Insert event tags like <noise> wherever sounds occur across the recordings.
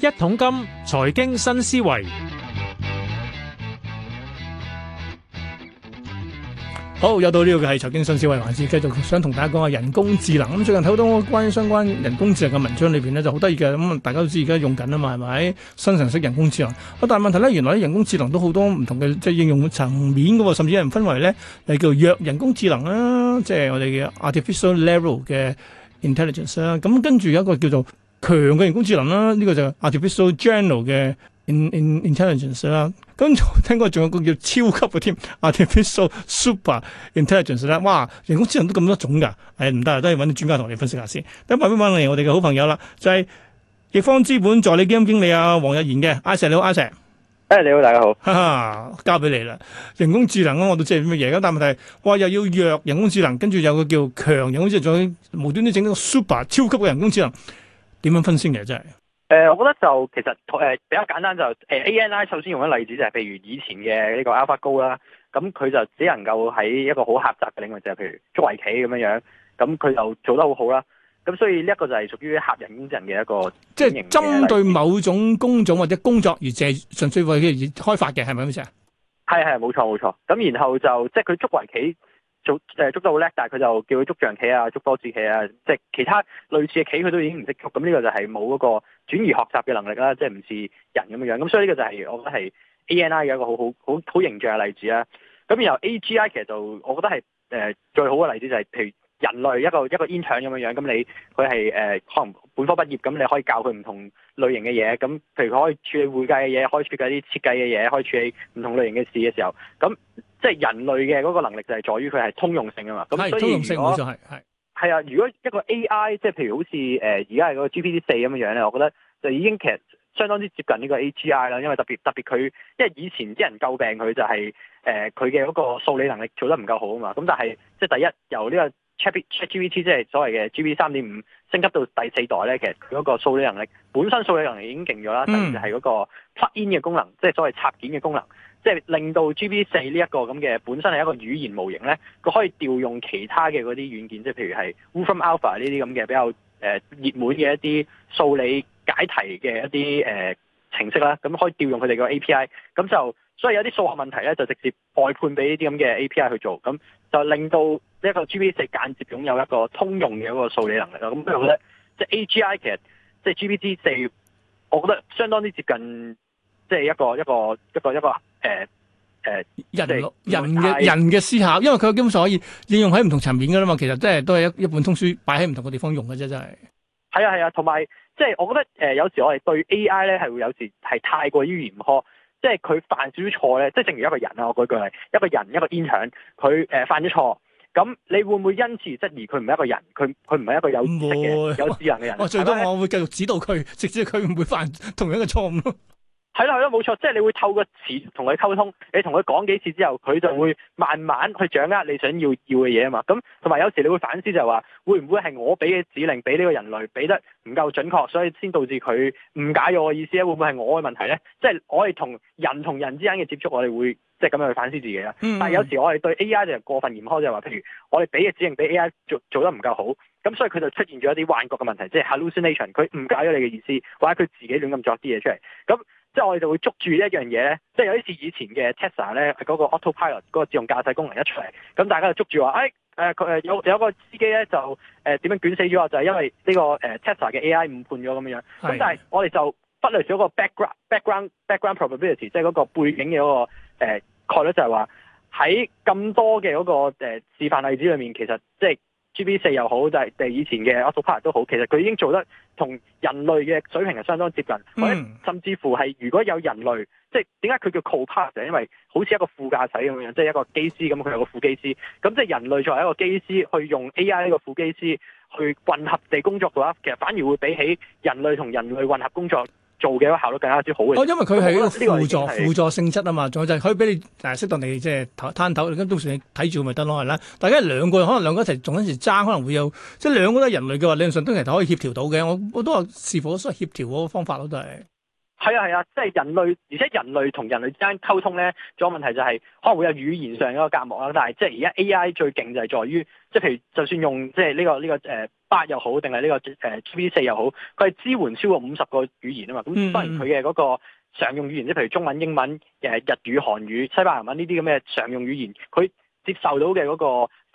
一桶金財經新思維，好又到呢嘅係財經新思維環節，繼續想同大家講下人工智能。咁最近睇好多關於相關人工智能嘅文章裏邊呢，就好得意嘅。咁大家都知而家用緊啊嘛，係咪？生成式人工智能。但係問題呢原來人工智能都好多唔同嘅即係應用層面噶喎，甚至有人分為呢，你叫弱人工智能啦，即係我哋嘅 artificial narrow 嘅 intelligence 啦、啊。咁跟住有一個叫做強嘅人工智能啦、啊，呢、這個就 artificial general 嘅 intelligence 啦。咁聽過仲有個叫超級嘅添，artificial super intelligence 啦、啊。哇，人工智能都咁多種噶、啊，唉唔得啦都要揾啲專家同你分析一下先。下慢慢嚟，我哋嘅好朋友啦、啊，就係、是、易方資本助理基金經理啊王逸研嘅。阿石你好，阿石，誒、啊、你好，大家好，哈哈， <laughs> 交俾你啦。人工智能、啊、我都知係咩嘢，咁但係問題，哇又要弱又 super, 人工智能，跟住有個叫強人工智能，無端端整個 super 超級嘅人工智能。點樣分先嘅？真係，誒，我覺得就其實誒、呃、比較簡單就誒、是呃、ANI 首先用嘅例子就係、是，譬如以前嘅呢個 AlphaGo 啦，咁佢就只能夠喺一個好狹窄嘅領域，就係譬如捉圍棋咁樣樣，咁佢就做得好好啦。咁所以呢一個就係屬於客人經紀人嘅一個，即係針對某種工種或者工作而借純粹為佢而開發嘅，係咪咁嘅意思啊？係係冇錯冇錯，咁然後就即係佢捉圍棋。做誒捉得好叻，但係佢就叫佢捉象棋啊、捉波子棋啊，即係其他類似嘅棋，佢都已經唔識捉，咁呢個就係冇嗰個轉移學習嘅能力啦，即係唔似人咁樣樣。咁所以呢個就係我覺得係 A N I 嘅一個好好好好形象嘅例子啊。咁然後 A G I 其實就我覺得係誒最好嘅例子就係，譬如人類一個一個 intern 咁樣樣，咁你佢係誒可能本科畢業，咁你可以教佢唔同類型嘅嘢，咁譬如佢可以處理會計嘅嘢，可以處理啲設計嘅嘢，可以處理唔同類型嘅事嘅時候，咁。即係人類嘅嗰個能力就係在於佢係通用性啊嘛，咁是所以就係啊，如果一個 AI 即係譬如好似誒而家係嗰個 GPT 四咁樣咧，我覺得就已經其實相當之接近呢個 AGI 啦，因為特別特別佢因為以前啲人詬病佢就係誒佢嘅嗰個數理能力做得唔夠好啊嘛，咁但係即係第一由呢個 ChatGPT 即係所謂嘅 GPT 三點五升級到第四代咧，其實佢嗰個數理能力本身數理能力已經勁咗啦，第二就係嗰個 plug in 嘅功能，即係所謂插件嘅功能。即係令到 GPT 四呢一個咁嘅本身係一個語言模型呢，佢可以調用其他嘅嗰啲軟件，即係譬如係 Wolfram Alpha 呢啲咁嘅比較誒熱門嘅一啲數理解題嘅一啲誒程式啦，咁可以調用佢哋嘅 API，咁就所以有啲數學問題呢，就直接外判俾呢啲咁嘅 API 去做，咁就令到呢一個 GPT 四間接擁有一個通用嘅一個數理能力啦，咁所以我覺得即係 AGI 其實即係、就是、GPT 四，我覺得相當之接近。即係一個一個一個一個誒誒、呃呃、人嘅人嘅 AI 人嘅思考，因為佢基本上可以應用喺唔同層面㗎喇嘛。其實即係都係一一本通書擺喺唔同嘅地方用嘅啫。真係，係啊係啊，同埋即係我覺得誒有時我哋對 AI 咧係會有時係太過於嚴苛，即係佢犯少少錯咧，即係正如一個人啊，我舉句例，一個人一個煙腸，佢誒犯咗錯，咁你會唔會因此質疑佢唔係一個人？佢佢唔係一個有智慧會有智能嘅人？我最多我會繼續指導佢，直至佢唔會犯同樣嘅錯誤咯。係啦，係啦，冇錯。即係你會透過詞同佢溝通，你同佢講幾次之後，佢就會慢慢去掌握你想要要嘅嘢啊嘛。咁同埋有時你會反思就係話，會唔會係我俾嘅指令俾呢個人類俾得唔夠準確，所以先導致佢誤解咗我嘅意思咧？會唔會係我嘅問題咧？即係的我哋同人同人之間嘅接觸，我哋會即係咁樣去反思自己啦。嗯嗯，但係有時我哋對 A I 就過分嚴苛，就係話，譬如我哋俾嘅指令俾 A I 做做得唔夠好，咁所以佢就出現咗一啲幻覺嘅問題，即係 hallucination，佢誤解咗你嘅意思，或者佢自己亂咁作啲嘢出嚟，咁。即係我哋就會捉住一樣嘢咧，即係有啲似以前嘅 Tesla 咧，嗰個 autopilot 嗰個自動駕駛功能一出嚟，咁大家就捉住話，誒、哎，誒、呃，佢誒有有個司機咧就誒點樣捲死咗啊？就係、是、因為呢、這個誒、呃、Tesla 嘅 AI 誤判咗咁樣樣。咁的但係我哋就忽略咗個 background、background、background probability，即係嗰個背景嘅嗰、那個誒、呃、概率，就係話喺咁多嘅嗰、那個誒、呃、示範例子裏面，其實即係。G B 四又好，就係地以前嘅 Autopilot 都好，其實佢已經做得同人類嘅水平係相當接近，mm. 或者甚至乎係如果有人類，即係點解佢叫 Copilot 就因為好似一個副駕駛咁樣，即係一個機師咁，佢有個副機師，咁即係人類作為一個機師，去用 A I 一個副機師去混合地工作嘅話，其實反而會比起人類同人類混合工作。做嘅效率更加之好嘅。哦， <noise> 因為佢係一個輔助、 <noise> 輔助性質啊嘛，仲有就係可以俾你誒、 <noise> 啊、適當你即係探探頭，咁到時你睇住咪得咯係啦。但係因為兩個可能兩個一齊仲有時爭，可能會有即係、就是、兩個都係人類嘅話，理論上都其實可以協調到嘅。我我都話是否需要協調嗰個方法咯，都係。係啊係啊，即係人類，而且人類同人類之間溝通咧，仲有問題就係可能會有語言上一個隔膜啦。但係即係而家 AI 最勁就係在於，即係譬如就算用即係呢個呢、呢個誒八又好，定係呢個誒 T B 四又好，佢係支援超過五十個語言啊嘛。咁、嗯嗯、當然佢嘅嗰個常用語言，即係譬如中文、英文、誒日語、韓語、西班牙文呢啲咁嘅常用語言，佢。接受到嘅嗰個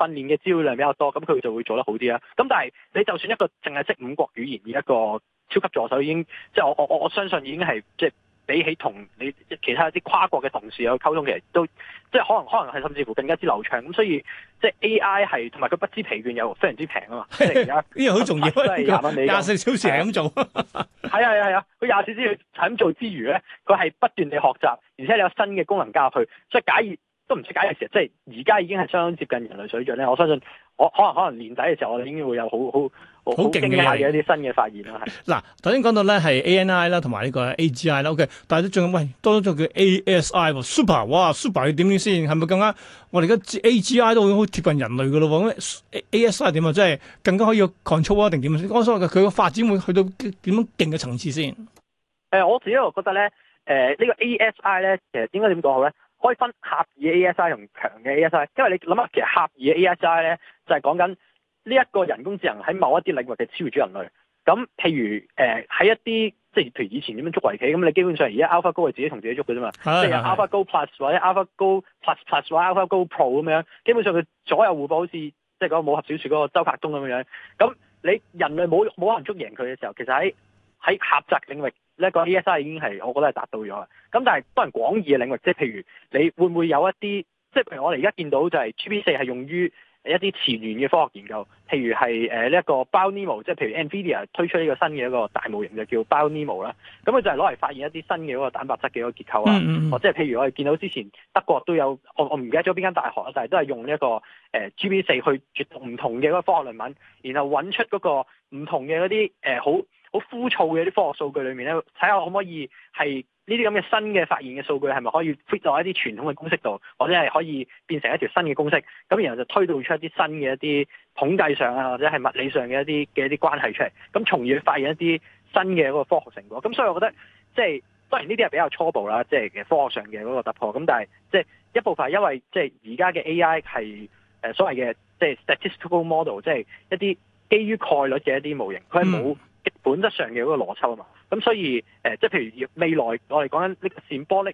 訓練嘅資料量比較多，咁佢就會做得好啲啦。咁但係你就算一個淨係識五國語言而一個超級助手，已經即係我我我我相信已經係即係比起同你其他一啲跨國嘅同事有溝通，其實都即係可能可能係甚至乎更加之流暢。咁所以即係 AI 係同埋佢不知疲倦又非常之平啊嘛。即係而家呢樣好重要，廿四小時係咁做。係啊係啊係啊，佢廿四小時係咁做之餘咧，佢係不斷地學習，而且有新嘅功能加入去。所以假如都唔識解嘅時候，即係而家已經係相當接近人類水準咧。我相信我可能可能年底嘅時候，我哋應該會有好好好勁嘅一啲新嘅發現。嗱，頭先講到咧係 A.N.I. 啦，同埋呢個 A.G.I. 啦。O.K.，但係都仲喂多咗叫 A.S.I. 喎，Super 哇，Super 要點先？係咪更加我哋而家 A.G.I. 都好接近人類噶咯？喎。A.S.I. 係點啊？即係更加可以 control 啊？定點先？所謂嘅，佢嘅發展會去到點樣勁嘅層次先，呃？我自己又覺得咧，呃這個、呢個 A.S.I. 咧，其實應該點講好咧？可以分狹義嘅 ASI 同強嘅 ASI，因為你諗下，其實狹義嘅 ASI 咧就係講緊呢一個人工智能喺某一啲領域嘅超越住人類。咁譬如誒喺、呃、一啲即係譬如以前點樣捉圍棋，咁你基本上而家 AlphaGo 係自己同自己捉嘅啫嘛， <music> 即係 AlphaGo Plus 或者 AlphaGo Plus Plus 或者 AlphaGo Pro 咁樣，基本上佢左右互搏，好似即係嗰個武俠小説嗰個周伯通咁樣。咁你人類冇冇可能捉贏佢嘅時候，其實喺喺狹窄領域。呢個 ASI 已經係我覺得係達到咗啦。咁但係當然廣義嘅領域，即係譬如你會唔會有一啲，即係譬如我哋而家見到就係 g b 四係用於一啲前沿嘅科學研究，譬如係呢一個 BioNemo，即係譬如 Nvidia 推出呢個新嘅一個大模型就叫 BioNemo 啦。咁佢就係攞嚟發現一啲新嘅嗰個蛋白質嘅嗰個結構啊，或、mm hmm. 即係譬如我哋見到之前德國都有，我我唔記得咗邊間大學啦，但係都係用呢、這、一個、呃、g b 四去讀唔同嘅嗰個科學論文，然後揾出嗰個唔同嘅嗰啲好。好枯燥嘅啲科學數據裏面咧，睇下可唔可以係呢啲咁嘅新嘅發現嘅數據，係咪可以 fit 落一啲傳統嘅公式度，或者係可以變成一條新嘅公式，咁然後就推導出一啲新嘅一啲統計上啊，或者係物理上嘅一啲嘅一啲關係出嚟，咁從而去發現一啲新嘅嗰個科學成果。咁所以我覺得，即係當然呢啲係比較初步啦，即係科學上嘅嗰個突破。咁但係即係一部分係因為即係而家嘅 A I 係誒所謂嘅即係 statistical model，即係一啲基於概率嘅一啲模型，佢係冇。嗯本質上嘅嗰個邏輯啊嘛，咁所以誒、呃，即係譬如未來我哋講緊呢個 Symbolic，誒、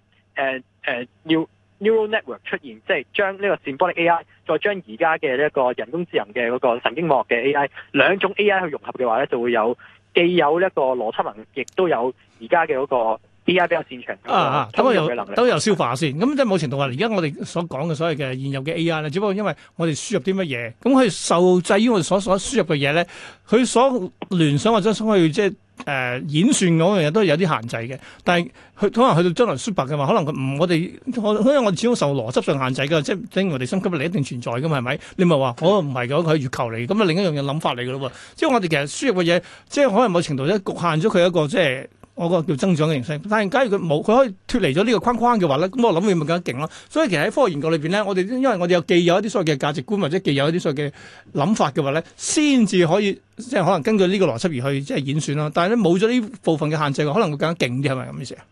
呃、誒要 neural network 出現，即係將呢個 Symbolic AI，再將而家嘅呢一個人工智能嘅嗰個神經網絡嘅 AI 兩種 AI 去融合嘅話咧，就會有既有呢一個邏輯能力，亦都有而家嘅嗰個。A.I. 比較擅長、嗯、啊，咁、啊、我由都有消化先，咁對即係某程度話，而家我哋所講嘅所謂嘅現有嘅 A.I. 咧，只不過因為我哋輸入啲乜嘢，咁佢受制於我哋所所輸入嘅嘢咧，佢所聯想或者所謂即係誒演算嗰樣嘢都係有啲限制嘅。但係佢可能去到將來説白嘅話，可能佢唔，我哋我因為我哋始終受邏輯上限制嘅，即係因為我哋心急，你一定存在嘅嘛，係咪？你咪係話我唔係嘅，佢係月球嚟，咁啊另一樣嘢諗法嚟嘅咯喎。即係我哋其實輸入嘅嘢，即係可能某程度咧局限咗佢一個即係。我個叫增長嘅形式，但係假如佢冇，佢可以脫離咗呢個框框嘅話咧，咁我諗會咪更加勁咯。所以其實喺科學研究裏邊咧，我哋因為我哋又既有一啲所謂嘅價值觀，或者既有一啲所謂嘅諗法嘅話咧，先至可以即係可能根據呢個邏輯而去即係演算咯。但係咧冇咗呢部分嘅限制嘅，可能會更加勁啲，係咪咁意思啊？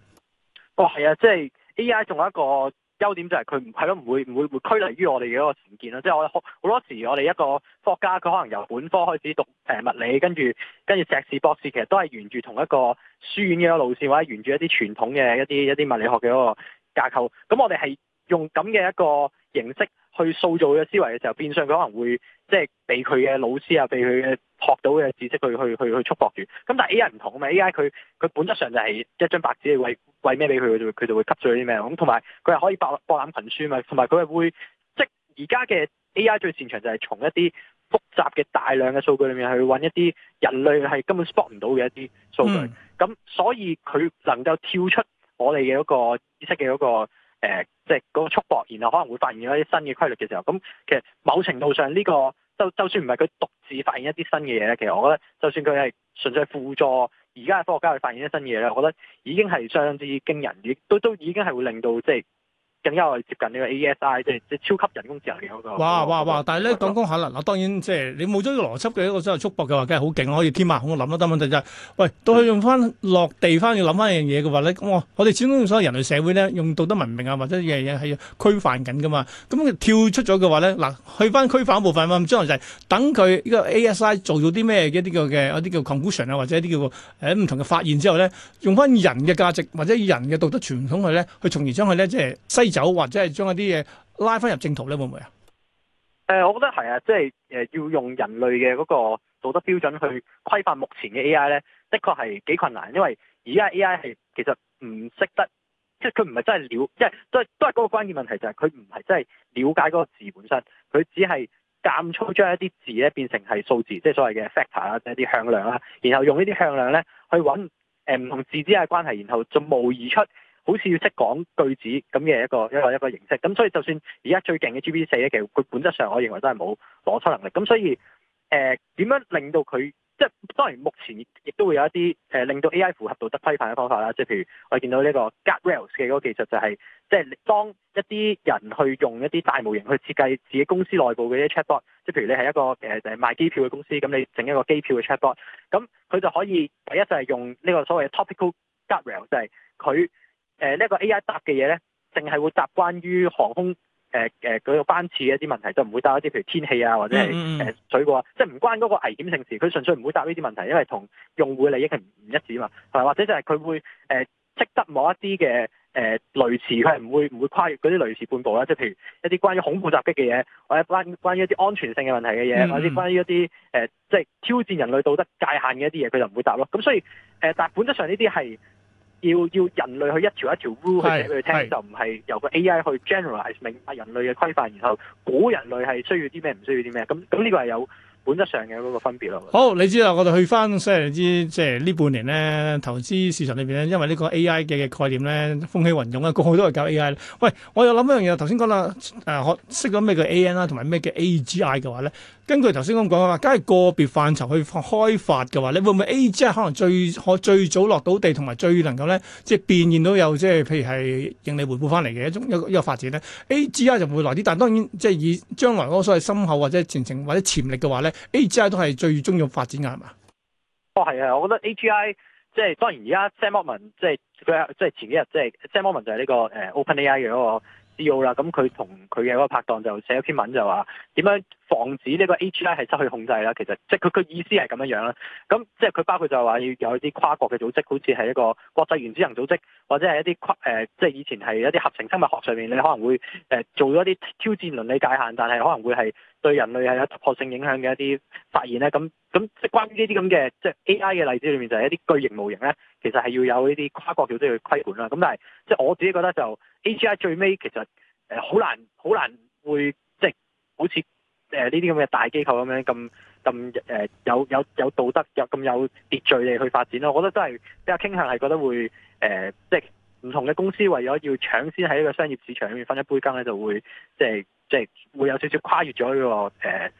哦，係啊，即係 AI 仲有一個。優點就係佢唔係咯，唔會唔會會拘泥於我哋嘅一個成見咯，即係我好好多時我哋一個科學家佢可能由本科開始讀誒物理，跟住跟住碩士博士其實都係沿住同一個書院嘅一個路線，或者沿住一啲傳統嘅一啲一啲物理學嘅一個架構，咁我哋係用咁嘅一個形式，去塑造佢嘅思維嘅時候，變相佢可能會即係被佢嘅老師啊，被佢嘅學到嘅知識去去去去束縛住。咁但係 A.I. 唔同啊嘛，A.I. 佢佢本質上就係一張白紙嚟，喂喂咩俾佢，佢就會吸咗啲咩。咁同埋佢係可以博博覽群書嘛，同埋佢係會即係而家嘅 A.I. 最擅長就係從一啲複雜嘅大量嘅數據裏面去揾一啲人類係根本 spot 唔到嘅一啲數據。咁、嗯、所以佢能夠跳出我哋嘅嗰個知識嘅嗰個、呃即係嗰個束縛，然後可能會發現咗一啲新嘅規律嘅時候，咁其實某程度上呢個就就算唔係佢獨自發現一啲新嘅嘢咧，其實我覺得就算佢係純粹輔助而家嘅科學家去發現一新嘢咧，我覺得已經係相當之驚人，亦都都已經係會令到即係更加去接近呢個 ASI，即係即係超級人工智能嗰個。哇哇哇！那個、但係咧、嗯、講講下啦，嗱當然即係、就是、你冇咗個邏輯嘅一個即係束縛嘅話，梗係好勁可以添啊！我諗咯，但問題就係，喂，到去用翻落地翻去諗翻一樣嘢嘅話咧，咁我我哋始終所有人類社會咧，用道德文明啊或者嘢嘢係規範緊噶嘛，咁佢跳出咗嘅話咧，嗱去翻規範部分嘛，唔知就係等佢呢個 ASI 做咗啲咩嘅一啲叫嘅一啲叫 conclusion 啊，或者一啲叫喺唔同嘅發現之後咧，用翻人嘅價值或者人嘅道德傳統去咧，去從而將佢咧即係走或者係將一啲嘢拉翻入正途咧，會唔會啊？誒，我覺得係啊，即係誒，要用人類嘅嗰個道德標準去規範目前嘅 A.I. 咧，的確係幾困難，因為而家 A.I. 係其實唔識得，即係佢唔係真係了，即係都都係嗰個關鍵問題就係佢唔係真係了解嗰個字本身，佢只係監粗將一啲字咧變成係數字，即係所謂嘅 factor 啦，即係一啲向量啦，然後用呢啲向量咧去揾誒唔同字之間嘅關係，然後就模擬出。好似要識講句子咁嘅一個一個一個形式，咁所以就算而家最勁嘅 GPT 四咧，其實佢本質上我認為都係冇邏輯能力，咁所以誒點、呃、樣令到佢即係當然目前亦都會有一啲、呃、令到 AI 符合道德規範嘅方法啦，即係譬如我哋見到呢個 guardrails 嘅嗰個技術就係即係當一啲人去用一啲大模型去設計自己公司內部嘅啲 chatbot，即係譬如你係一個誒誒賣機票嘅公司，咁你整一個機票嘅 chatbot，咁佢就可以唯一就係用呢個所謂嘅 topical guardrails 就係佢。誒呢一個 A.I. 答嘅嘢咧，淨係會答關於航空誒誒嗰個班次嘅一啲問題，就唔會答一啲譬如天氣啊，或者係誒、呃、水果，mm hmm. 即係唔關嗰個危險性事。佢純粹唔會答呢啲問題，因為同用戶嘅利益係唔唔一致啊嘛。同埋或者就係佢會誒、呃、識得某一啲嘅誒類似，佢係唔會唔會跨越嗰啲類似半步啦。即係譬如一啲關於恐怖襲擊嘅嘢，或者關關於一啲安全性嘅問題嘅嘢，或者關於一啲誒即係挑戰人類道德界限嘅一啲嘢，佢就唔會答咯。咁所以誒、呃，但係本質上呢啲係。要要人類去一條一條 rule 去寫俾佢聽，是是就唔係由個 AI 去 generalise 明人類嘅規範，然後估人類係需要啲咩，唔需要啲咩。咁咁呢個係有本質上嘅嗰個分別咯。好，你知啦，我哋去翻，雖然你知，即係呢半年咧，投資市場裏面咧，因為呢個 AI 嘅概念咧，風起雲湧啊，個個都係搞 AI。喂，我又諗一樣嘢，頭先講啦，誒、呃、學識咗咩叫 ANI 啦，同埋咩叫 AGI 嘅話咧？根據頭先咁講嘅話，梗係個別範疇去開發嘅話，你會唔會 A G I 可能最可最早落到地同埋最能夠咧，即係變現到有即係譬如係盈利回報翻嚟嘅一一個一個發展咧？A G I 就會來啲，但當當然即係以將來嗰個所謂深厚或者前程或者潛力嘅話咧，A G I 都係最重要發展嘅係嘛？哦係啊，我覺得 A G I 即係當然而家 Sam Altman 即係佢即係前幾日即係 Sam Altman 就係、是、呢、就是這個、呃、OpenAI 嘅嗰、那個。啦，咁佢同佢嘅嗰個拍檔就寫咗篇文就話點樣防止呢個 A.G.I. 係失去控制啦。其實即係佢嘅意思係咁樣樣啦。咁即係佢包括就係話要有一啲跨國嘅組織，好似係一個國際原子能組織，或者係一啲跨誒，即係以前係一啲合成生物學上面，你可能會誒、呃、做咗啲挑戰倫理界限，但係可能會係，對人類係有突破性影響嘅一啲發現咧，咁咁即係關於呢啲咁嘅即係 A.I. 嘅例子裏面，就係、是、一啲巨型模型咧，其實係要有呢啲跨國組織去規管啦。咁但係即係我自己覺得就 A.I. 最尾其實誒好、呃、難好難會即係、就是、好似誒呢啲咁嘅大機構咁樣咁咁誒有有有道德又咁有，有秩序地去發展咯。我覺得都係比較傾向係覺得會誒即係唔同嘅公司為咗要搶先喺一個商業市場裏面分一杯羹咧，就會即係。就是即係會有少少跨越咗呢、那個誒、呃，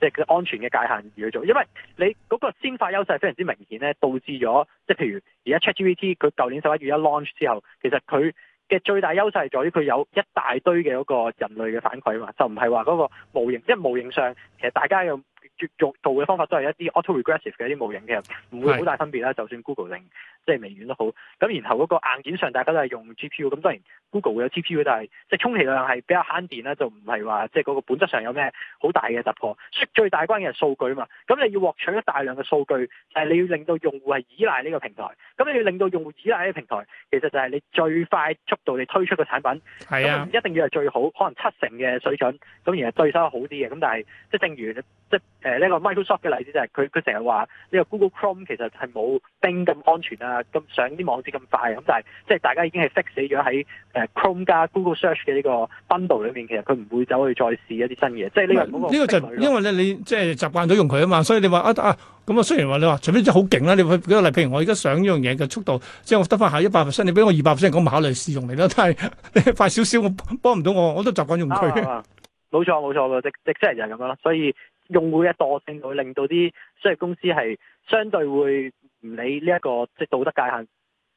即係佢安全嘅界限而去做，因為你嗰個先發優勢非常之明顯咧，導致咗即係譬如而家 ChatGPT，佢舊年十一月一 launch 之後，其實佢嘅最大優勢係在於佢有一大堆嘅嗰個人類嘅反饋嘛，就唔係話嗰個模型，即係模型上其實大家有。用到嘅方法都係一啲 auto-regressive 嘅一啲模型嘅，其實唔會好大分別啦。是就算 Google 定即係微軟都好，咁然後嗰個硬件上大家都係用 GPU，咁當然 Google 會有 GPU，但係即係充其量係比較慳電啦，就唔係話即係嗰個本質上有咩好大嘅突破。最大關鍵係數據啊嘛，咁你要獲取一大量嘅數據，但係你要令到用戶係依賴呢個平台，咁你要令到用戶依賴呢個平台，其實就係你最快速度你推出個產品，係、啊、一定要係最好，可能七成嘅水準，咁然後對手好啲嘅，咁但係即係正如即、呃誒呢個 Microsoft 嘅例子就係佢，佢成日話呢個 Google Chrome 其實係冇釘咁安全啊，咁上啲網址咁快咁就係即係大家已經係死死咗喺誒 Chrome 加 Google Search 嘅呢個 bundle 裏面，其實佢唔會走去再試一啲新嘢。即係呢個呢個就因為咧你即係習慣咗用佢啊嘛，所以你話啊、啊、咁、啊雖然話你話除非真係好勁啦，你去舉個例，譬如我而家上呢樣嘢嘅速度，即係我得翻下一百 percent，你俾我二百 percent，咁考慮試用嚟啦。但係快少少，我幫唔到我，我都習慣用佢冇錯，冇錯，即、直、直接就係咁樣咯，所以。用戶嘅惰性會令到啲即係公司係相對會唔理呢、這、一個即係道德界限，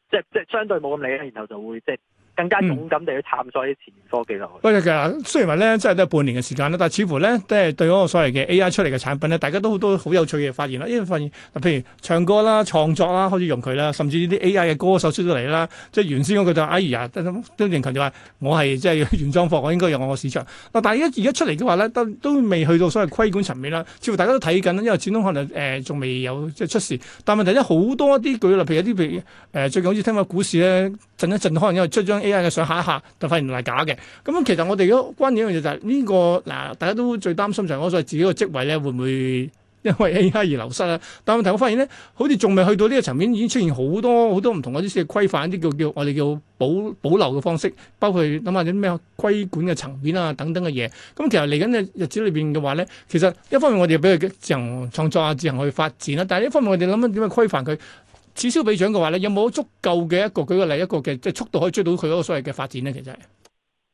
即係即係相對冇咁理，然後就會即係。更加勇敢地去探索啲前沿科技咯。不過、嗯，其、嗯、實、嗯嗯、雖然話咧，真係都係半年嘅時間啦，但係似乎咧，即係對嗰個所謂嘅 A.I. 出嚟嘅產品咧，大家都都好有趣嘅發現啦。因為發現譬如唱歌啦、創作啦，開始用佢啦，甚至呢啲 A.I. 嘅歌手出咗嚟啦，即係原先嗰個就哎呀，啊、嗯，張張庭強就話：我係即係原裝貨，我應該用我個市場。嗱，但係而家而家出嚟嘅話咧，都都未去到所謂嘅規管層面啦。似乎大家都睇緊啦，因為始終可能誒仲、呃、未有即係出事。但係問題咧，好多啲舉例，譬如一啲譬如誒最近好似聽過股市咧震一震，可能因為出張。A.I. 嘅上下一下，就發現係假嘅。咁其實我哋如果關鍵一樣嘢就係呢個嗱，大家都最擔心就係我所謂自己個職位咧，會唔會因為 A.I. 而流失啊？但問題我發現咧，好似仲未去到呢個層面，已經出現好多好多唔同嗰啲所謂規範嗰啲叫叫我哋叫保保留嘅方式，包括諗下啲咩規管嘅層面啊等等嘅嘢。咁其實嚟緊嘅日子裏邊嘅話咧，其實一方面我哋俾佢自行創作啊，自行去發展啦。但係一方面我哋諗緊點樣規範佢。此消彼長嘅話咧，有冇足夠嘅一個舉個例，一個嘅即係速度可以追到佢嗰個所謂嘅發展咧？其實，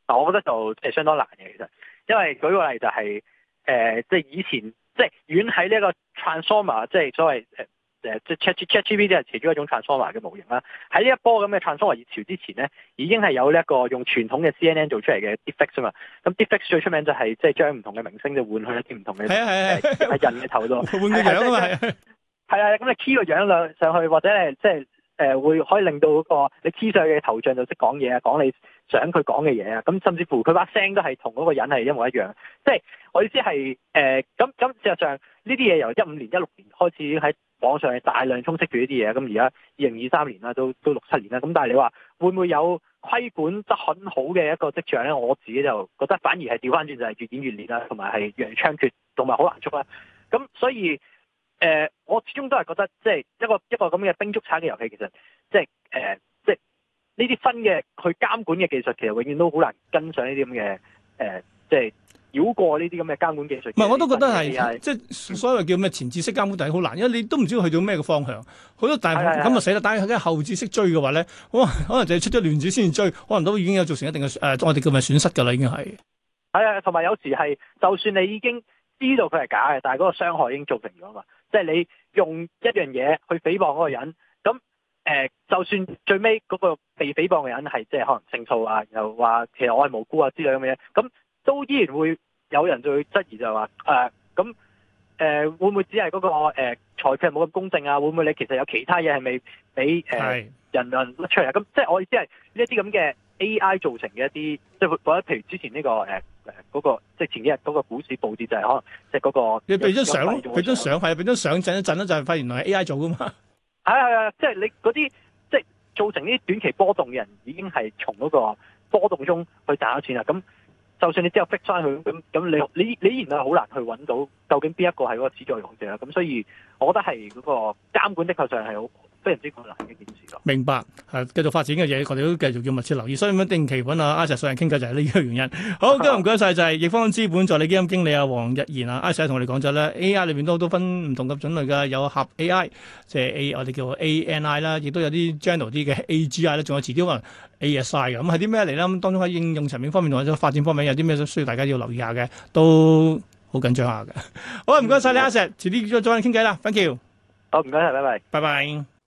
嗱，我覺得就即相當難嘅，其實，因為舉個例就係、係、誒、呃就係，即係以前即係遠喺呢一個 transformer，即係所謂誒誒，即、呃、係 chat c h chat GPT，Ch 即係其中一種 transformer 嘅模型啦。喺呢一波咁嘅 transformer 熱潮之前咧，已經係有呢一個用傳統嘅 CNN 做出嚟嘅 deepfake 啊嘛。咁 deepfake 最出名就係、係、即係將唔同嘅明星就換去一啲唔同嘅係係係係人嘅頭度 <laughs> 換個樣啊係！ <laughs> 係啊，咁你 key 個樣上去，或者係即係誒會可以令到嗰個你 key 上去嘅頭像就識講嘢啊，講你想佢講嘅嘢啊，咁甚至乎佢把聲都係同嗰個人係一模一樣。即係我意思係誒，咁、呃、咁事實上呢啲嘢由一五年、一六年開始喺網上係大量充斥住呢啲嘢，咁而家二零二三年啦，都都六七年啦，咁但係你話會唔會有規管得很好嘅一個跡象咧？我自己就覺得反而係調翻轉就係越演越烈啊，同埋係越猖獗，同埋好難捉啊。咁所以。誒、呃，我始終都係覺得，即係一個一個咁嘅兵捉產嘅遊戲，其實即係誒，即係呢啲新嘅去監管嘅技術，其實永遠都好難跟上呢啲咁嘅誒，即係繞過呢啲咁嘅監管技術。唔係，我都覺得係即係所謂叫咩前置式監管底好難，因為你都唔知道去到咩個方向。好多大咁啊是死啦！但係後置式追嘅話咧，可能就出咗亂子先至追，可能都已經有造成一定嘅誒、呃，我哋叫咪損失噶啦，已經係係啊，同埋有時係就算你已經知道佢係假嘅，但係嗰個傷害已經造成咗嘛。即係你用一樣嘢去誹謗嗰個人，咁誒、呃，就算最尾嗰個被誹謗嘅人係即係可能勝訴啊，又話其實我係無辜啊之類咁嘅嘢，咁都依然會有人就會質疑就係話誒，咁、呃、誒、呃、會唔會只係嗰、嗰個、呃、財裁決冇咁公正啊？會唔會你其實有其他嘢係咪俾誒人哋甩出嚟啊？咁即係我意思係呢一啲咁嘅 A I 造成嘅一啲，即係或者譬如之前呢、呢個、呃嗰、那個即係前幾日嗰個股市暴跌就係、是、可能即係嗰個，你俾張相，俾張相係俾張相震一震啦，就係發現原來係 AI 做噶嘛。係係啊，即、就、係、是、你嗰啲即係造成呢啲短期波動嘅人已經係從嗰個波動中去賺咗錢啦。咁就算你之後逼翻佢，咁咁你你你仍然係好難去揾到究竟邊一個係嗰個始作俑者啦。咁所以，我覺得係嗰個監管的確上係好。都唔知困難嘅一件事。明白，係繼續發展嘅嘢，我哋都繼續要密切留意。所以咁樣定期搵阿阿石上人傾偈，就係呢個原因。好，今日唔該晒，就係易方資本助理基金經理阿王逸研啊，阿石同我哋講咗咧，AI 裏邊都都分唔同嘅種類噶，有合 AI，即係 A，, I, A I, 我哋叫 ANI 啦，亦都有啲 general 啲嘅 AGI 啦，仲有遲啲可能 ASI 嘅。咁係啲咩嚟啦？咁當中喺應用層面方面同或者發展方面，有啲咩需要大家要留意下嘅，都好緊張下嘅。好，唔該晒你阿石，遲啲、嗯啊、再再傾偈啦，thank you。好，唔該晒，拜拜，拜拜。